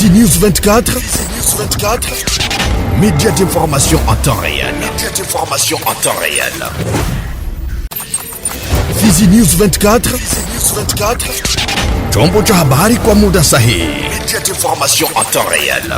Easy News 24. Easy News 24. Média d'information en temps réel. Média d'information en temps réel. Easy News 24. Easy News 24. Chombo cha habari Sahi. Média d'information en temps réel.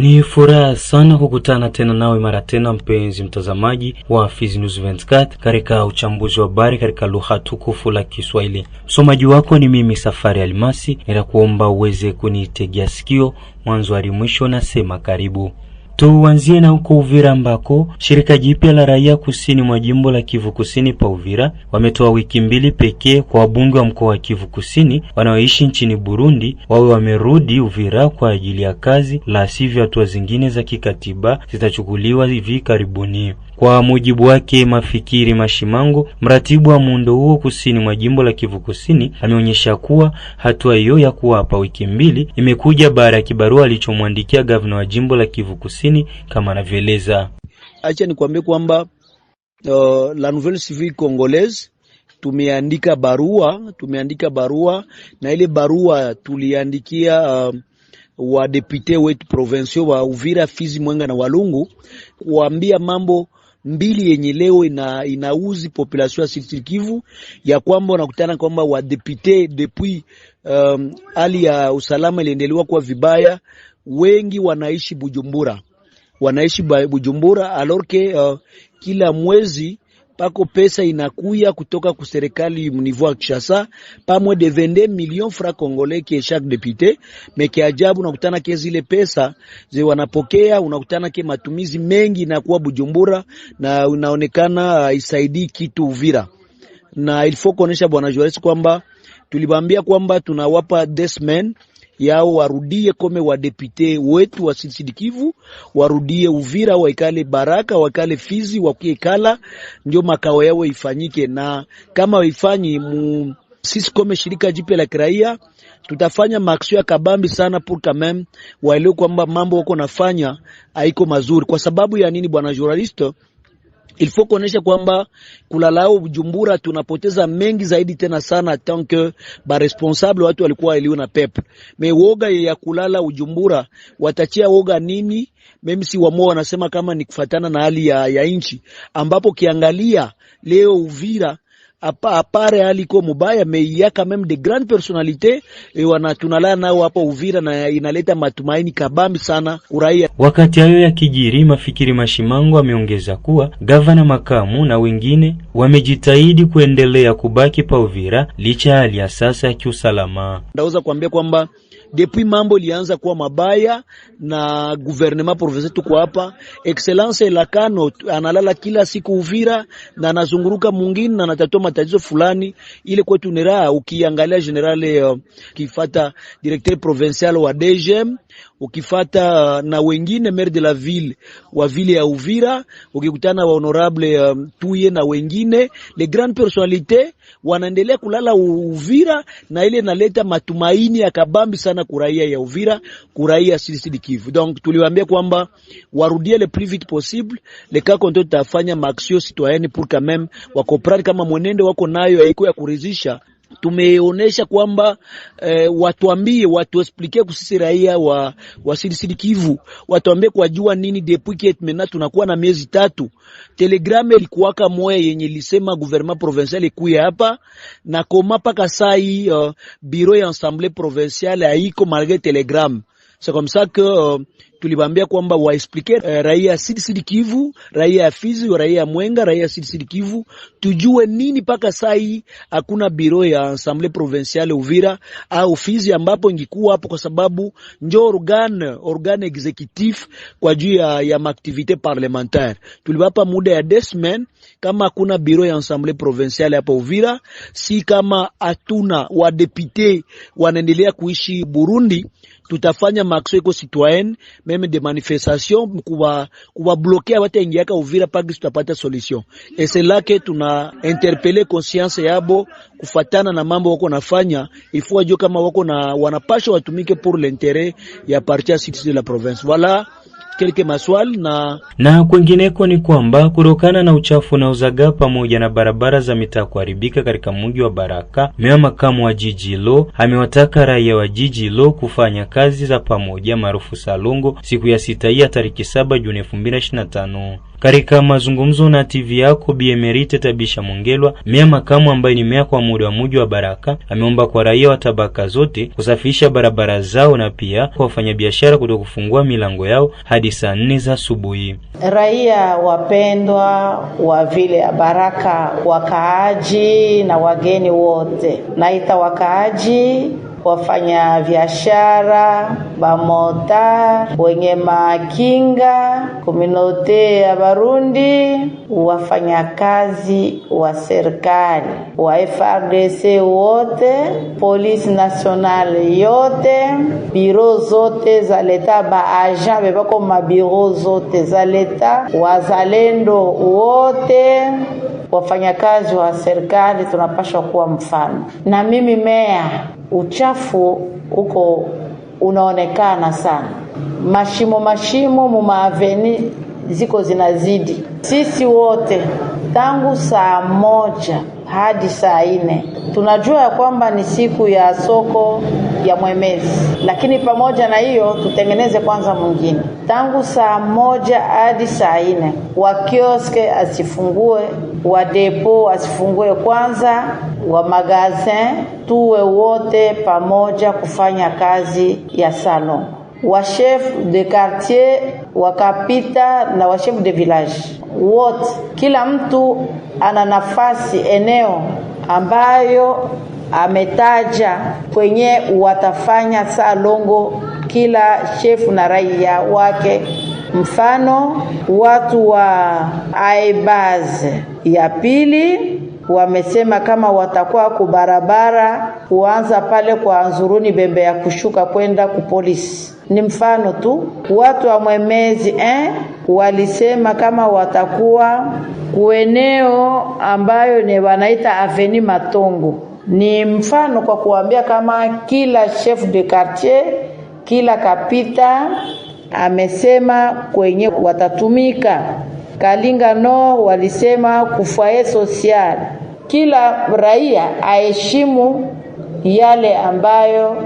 Ni furaha sana kukutana tena nawe mara tena, mpenzi mtazamaji wa Fizi News 24 katika uchambuzi wa habari katika lugha tukufu la Kiswahili. Msomaji wako ni mimi Safari Almasi, nitakuomba uweze kunitegea sikio mwanzo hadi mwisho. Nasema karibu. Tuanzie na huko Uvira ambako shirika jipya la raia kusini mwa jimbo la Kivu Kusini pa Uvira wametoa wiki mbili pekee kwa wabunge wa mkoa wa Kivu Kusini wanaoishi nchini Burundi wawe wamerudi Uvira kwa ajili ya kazi, la sivyo hatua zingine za kikatiba zitachukuliwa hivi karibuni. Kwa mujibu wake Mafikiri Mashimango, mratibu wa muundo huo kusini mwa jimbo la Kivu Kusini, ameonyesha kuwa hatua hiyo ya kuwapa wiki mbili imekuja baada ya kibarua alichomwandikia gavana wa jimbo la Kivu Kusini, kama anavyoeleza. Acha nikwambie kwamba uh, la nouvelle Civile congolaise tumeandika barua, tumeandika barua na ile barua tuliandikia uh, wadepute wetu provincial wa Uvira, Fizi, Mwenga na Walungu kuambia mambo mbili yenye leo ina, inauzi population ya Sud Kivu ya kwamba wanakutana kwamba wadepute depuis um, hali ya usalama iliendelewa kuwa vibaya, wengi wanaishi Bujumbura, wanaishi Bujumbura alorke uh, kila mwezi pako pesa inakuya kutoka ku serikali mnivu wa Kinshasa pamwe de vende million franc congolais ki chaque député. ki ajabu unakutana ke zile pesa ze wanapokea, unakutana ke matumizi mengi kuwa Bujumbura na unaonekana haisaidii kitu Uvira, na ilifo kuonesha bwana Juarez kwamba tulibambia kwamba tunawapa desmen yao warudie kome wa depute wetu wa Sisidikivu kivu warudie Uvira, waikale Baraka, waikale Fizi, wakiekala ndio makao yao ifanyike, na kama waifanyi mu sisi kome shirika jipe la kiraia tutafanya maksio ya kabambi sana pour quand même waelewe kwamba mambo wako nafanya haiko mazuri. Kwa sababu ya nini, bwana journaliste? ilifo kuonesha kwamba kulalau Bujumbura tunapoteza mengi zaidi tena sana tanke baresponsable watu walikuwa elio na pepe me woga ya kulala Ujumbura, watachia woga nini? Mimi si wamo wanasema kama ni kufatana na hali ya, ya nchi ambapo kiangalia leo Uvira apa apare à part mubaya mais il quand même des grandes personnalités e wanatunala nao hapa Uvira na inaleta matumaini kabambi sana uraia. Wakati hayo ya kijiri, Mafikiri Mashimango ameongeza kuwa gavana makamu na wengine wamejitahidi kuendelea kubaki pa Uvira licha hali ya sasa ya kiusalama. Ndaweza kuambia kwamba depuis mambo ilianza kuwa mabaya na gouvernement provincial tuko hapa, excellence Lakano analala kila siku Uvira na anazunguruka mwingine na anatatua matatizo fulani, ile kwetu ni raha. Ukiangalia general uh, eh, kifata directeur provincial wa DGM ukifata uh, na wengine maire de la ville wa ville ya Uvira, ukikutana wa honorable um, tuye na wengine le grand personalite wanaendelea kulala Uvira, na ile naleta matumaini ya kabambi sana kuraia ya Uvira, kuraia sisi Kivu. Donc tuliwaambia kwamba warudie le plus vite possible le cas konto, tutafanya maxio citoyenne pour quand même wakoprani kama mwenendo wako nayo haiko ya kuridhisha tumeonesha kwamba eh, watuambie watuexplique kusisi raia wa, wa sirisiri Kivu watuambie kwa jua nini depuis que mena tunakuwa na miezi tatu. Telegrame ilikuwaka moya yenye lisema gouvernement provincial ikuya hapa na koma paka sai uh, eh, bureau ya assemblée provinciale haiko malgré telegrame c'est comme ça que uh, tuliwaambia kwamba waexplike uh, eh, raia ya Sud Sud Kivu, raia ya Fizi, raia ya Mwenga, raia ya Sud Sud Kivu, tujue nini mpaka sai hakuna biro ya Assemblée Provinciale Uvira au Fizi ambapo ingekuwa hapo, kwa sababu njo organe organe executif kwa juu ya, ya maaktivite parlementaire. Tuliwapa muda ya desmen kama hakuna biro ya Assemblée Provinciale hapo Uvira, si kama hatuna wadepute wanaendelea kuishi Burundi, tutafanya maksiko citoyen meme de manifestation kuwa kuwablokea wataingiaka Uvira pagi tutapata solution eselake, tuna interpele conscience yabo kufatana na mambo wako nafanya, ifua jua kama wako na wanapasha watumike pour l'interet ya parti ya sud de la province. Voilà kelke maswali na na kwingineko. Ni kwamba kutokana na uchafu na uzaga pamoja na barabara za mitaa kuharibika katika mji wa Baraka, meya makamu wa jiji hilo amewataka raia wa jiji hilo kufanya kazi za pamoja maarufu salongo siku ya sita hii ya tariki saba Juni elfu mbili na ishirini na tano. Katika mazungumzo na TV yako Bi Emerite Tabisha Mongelwa, meya makamu ambaye ni meya kwa muda wa mji wa Baraka, ameomba kwa raia wa tabaka zote kusafisha barabara zao na pia kwa wafanyabiashara kuto kufungua milango yao hadi saa nne za asubuhi. Raia wapendwa wa vile ya Baraka, wakaaji na wageni wote, naita wakaaji wafanya biashara, bamota, wenye makinga, kuminote ya Barundi, wafanyakazi wa serikali wa FRDC wote, polisi nationale yote, biro zote za leta, baajan bebako mabiro zote za leta, wazalendo wote wafanyakazi wa serikali tunapaswa kuwa mfano. Na mimi meya uchafu huko unaonekana sana, mashimo mashimo mumaaveni ziko zinazidi. Sisi wote tangu saa moja hadi saa nne tunajua ya kwamba ni siku ya soko ya Mwemezi, lakini pamoja na hiyo tutengeneze kwanza mwingine. Tangu saa moja hadi saa nne wakioske asifungue wa depo wasifungue kwanza, wa magazin, tuwe wote pamoja kufanya kazi ya salon. Wa chef de quartier wakapita na wa chef de village wote, kila mtu ana nafasi eneo ambayo ametaja kwenye watafanya salongo, kila shefu na raia wake. Mfano watu wa Aibaz ya pili wamesema kama watakuwa kubarabara kuanza pale kwa Anzuruni Bembe ya kushuka kwenda kupolisi. Ni mfano tu, watu wa Mwemezi eh, walisema kama watakuwa kueneo ambayo ni wanaita Aveni Matongo. Ni mfano kwa kuambia kama kila chef de quartier, kila kapita amesema kwenye watatumika Kalinga no walisema kufae sosial, kila raia aheshimu yale ambayo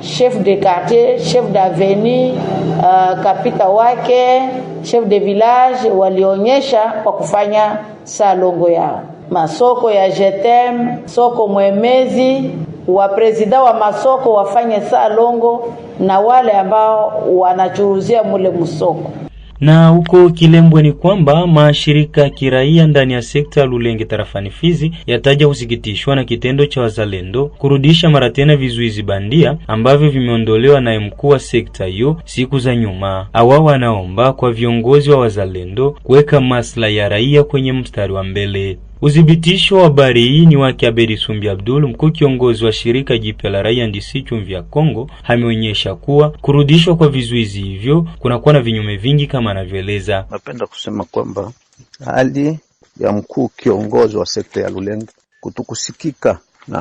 chef de quartier, chef d'avenue, uh, kapita wake, chef de village walionyesha kwa kufanya salongo yao, masoko ya jetem, soko mwemezi wa presida wa masoko wafanye saa longo na wale ambao wanachuruzia mule msoko. Na huko Kilembwe ni kwamba mashirika ya kiraia ndani ya sekta ya Lulenge tarafani Fizi yataja kusikitishwa na kitendo cha wazalendo kurudisha mara tena vizuizi bandia ambavyo vimeondolewa naye mkuu wa sekta hiyo siku za nyuma. Awa wanaomba kwa viongozi wa wazalendo kuweka maslahi ya raia kwenye mstari wa mbele uthibitisho wa habari hii ni wake Abedi Sumbi Abdul, mkuu kiongozi wa shirika jipya la raia NDC chumvi ya Kongo, ameonyesha kuwa kurudishwa kwa vizuizi hivyo kunakuwa na vinyume vingi kama anavyoeleza. Napenda kusema kwamba hali ya mkuu kiongozi wa sekta ya Lulenge kutukusikika na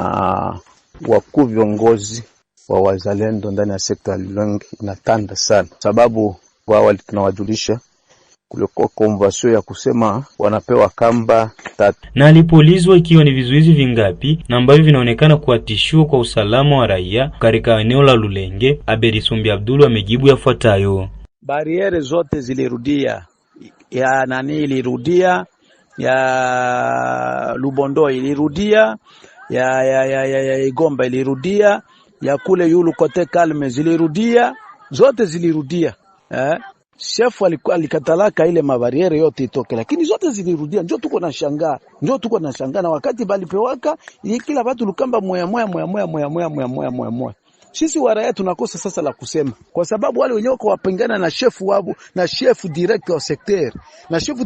wakuu viongozi wa wazalendo ndani ya sekta ya Lulenge inatanda sana, sababu wawali tunawajulisha kulikuwa konvasio ya kusema wanapewa kamba tatu, na alipoulizwa ikiwa ni vizuizi vingapi na ambavyo vinaonekana kuwa tishio kwa usalama wa raia katika eneo la Lulenge, Aberisumbi Abdulu amejibu yafuatayo: bariere zote zilirudia, ya nani ilirudia, ya Lubondo ilirudia, ya, ya, ya, ya, ya Igomba ilirudia, ya kule yulu kote Kalme zilirudia, zote zilirudia eh? chef alikatalaka ile mabariere yote itoke, lakini zote zilirudia. Njo tuko na shangaa, njo tuko na shangaa. Na wakati balipewaka ile kila watu lukamba moya moya moya moya moya moya moya moya moya moya, sisi wa raia tunakosa sasa la kusema, kwa sababu wale wenyewe wako wapingana na shefu wabu na shefu direct wa sekter na shefu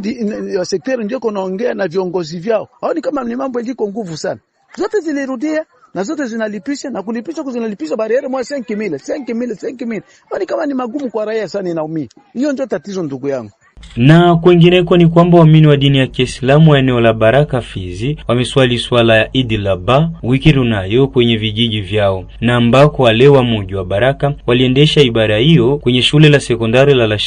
wa sekter ndio konaongea na viongozi vyao. Haoni kama ni mambo yenye nguvu sana, zote zilirudia na zote zinalipisha na kulipisha kuzinalipisha bariere mwa 5000 5000 5000. Ni yaani kama ni magumu kwa raia sana, inaumia. Hiyo ndio tatizo ndugu yangu. Na kwengineko ni kwamba waamini wa dini ya Kiislamu wa eneo la Baraka Fizi wameswali swala ya Idi Laba wiki runayo kwenye vijiji vyao, na ambako wale wa muji wa Baraka waliendesha ibada hiyo kwenye shule la sekondari la La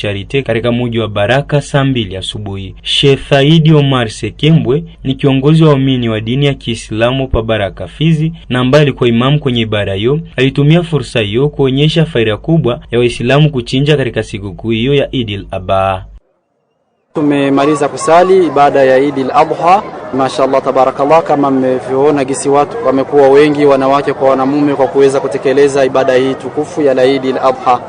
katika muji wa Baraka saa mbili asubuhi. Sheikh Saidi Omar Sekembwe ni kiongozi wa waamini wa dini ya Kiislamu pa Baraka Fizi na ambaye alikuwa imamu kwenye ibada hiyo. Alitumia fursa hiyo kuonyesha faida kubwa ya Waislamu kuchinja katika sikukuu hiyo ya Idil Abaa. Tumemaliza kusali ibada ya Eid al-Adha, mashallah tabarakallah. Kama mmevyoona gisi watu wamekuwa wengi, wanawake kwa wanamume, kwa kuweza kutekeleza ibada hii tukufu ya Eid al-Adha.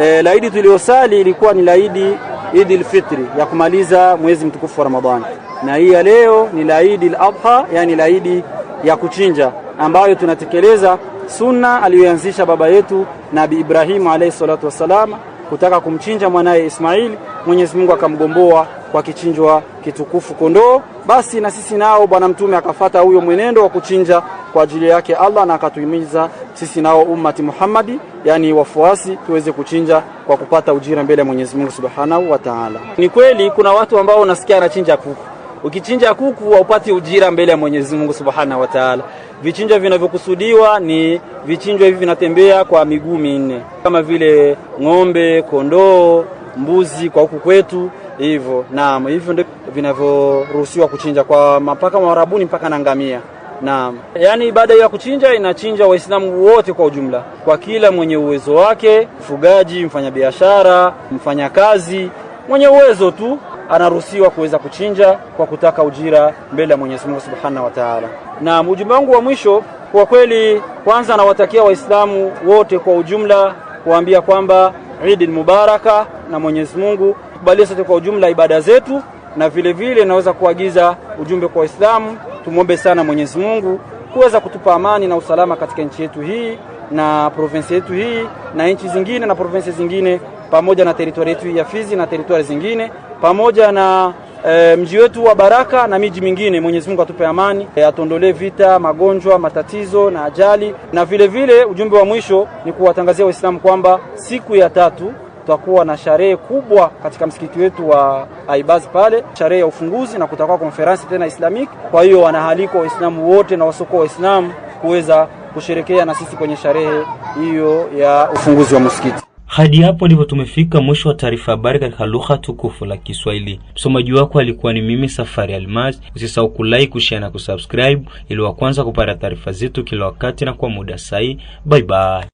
E, Eid tuliyosali ilikuwa ni laidi Eid al fitr ya kumaliza mwezi mtukufu wa Ramadhani, na hii ya leo ni Eid al-Adha, yani laidi ya kuchinja ambayo tunatekeleza sunna aliyoanzisha baba yetu nabi Ibrahimu alayhi salatu wassalam kutaka kumchinja mwanaye Ismaili, Mwenyezi Mungu akamgomboa kwa kichinjwa kitukufu kondoo. Basi na sisi nao Bwana Mtume akafata huyo mwenendo wa kuchinja kwa ajili yake Allah, na akatuhimiza sisi nao ummati Muhammadi, yani wafuasi, tuweze kuchinja kwa kupata ujira mbele ya Mwenyezi Mungu Subhanahu wa Ta'ala. Ni kweli kuna watu ambao unasikia anachinja kuku Ukichinja kuku haupati ujira mbele ya Mwenyezi Mungu Subhanahu wa Ta'ala. Vichinjwa vinavyokusudiwa ni vichinjwa hivi vinatembea kwa miguu minne, kama vile ng'ombe, kondoo, mbuzi kwa huku kwetu hivyo. Naam, hivyo ndio vinavyoruhusiwa kuchinja kwa mpaka marabuni mpaka na ngamia. Naam, yaani ibada ya kuchinja inachinja Waislamu wote kwa ujumla, kwa kila mwenye uwezo wake, mfugaji, mfanyabiashara, mfanyakazi, mwenye uwezo tu anaruhusiwa kuweza kuchinja kwa kutaka ujira mbele ya Mwenyezi Mungu Subhanahu wa Ta'ala. Na ujumbe wangu wa mwisho kwa kweli, kwanza nawatakia Waislamu wote kwa ujumla kuambia kwamba Eid mubaraka, na Mwenyezi Mungu kubalia sote kwa ujumla ibada zetu, na vile vile naweza kuagiza ujumbe kwa Waislamu, tumwombe sana Mwenyezi Mungu kuweza kutupa amani na usalama katika nchi yetu hii na provinsi yetu hii na nchi zingine na provinsi zingine pamoja na teritoria yetu ya Fizi na teritoria zingine pamoja na e, mji wetu wa Baraka na miji mingine. Mwenyezi Mungu atupe amani e, eh, atuondolee vita, magonjwa, matatizo na ajali. Na vile vile ujumbe wa mwisho ni kuwatangazia Waislamu kwamba siku ya tatu tutakuwa na sherehe kubwa katika msikiti wetu wa Aibaz pale, sherehe ya ufunguzi na kutakuwa konferensi tena Islamiki. Kwa hiyo wanahalikwa Waislamu wote na wasoko Waislamu kuweza kusherekea na sisi kwenye sherehe hiyo ya ufunguzi wa msikiti. Hadi hapo ndipo tumefika mwisho wa taarifa habari katika lugha tukufu la Kiswahili. Msomaji wako alikuwa ni mimi Safari Almaz. Usisahau kulike, kushare na kusubscribe ili wa kwanza kupata taarifa zetu kila wakati na kwa muda sahihi. Bye bye.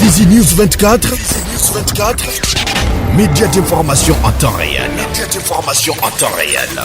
Fizi News 24, Fizi News 24. Média d'information en temps réel. Media d'information en temps réel.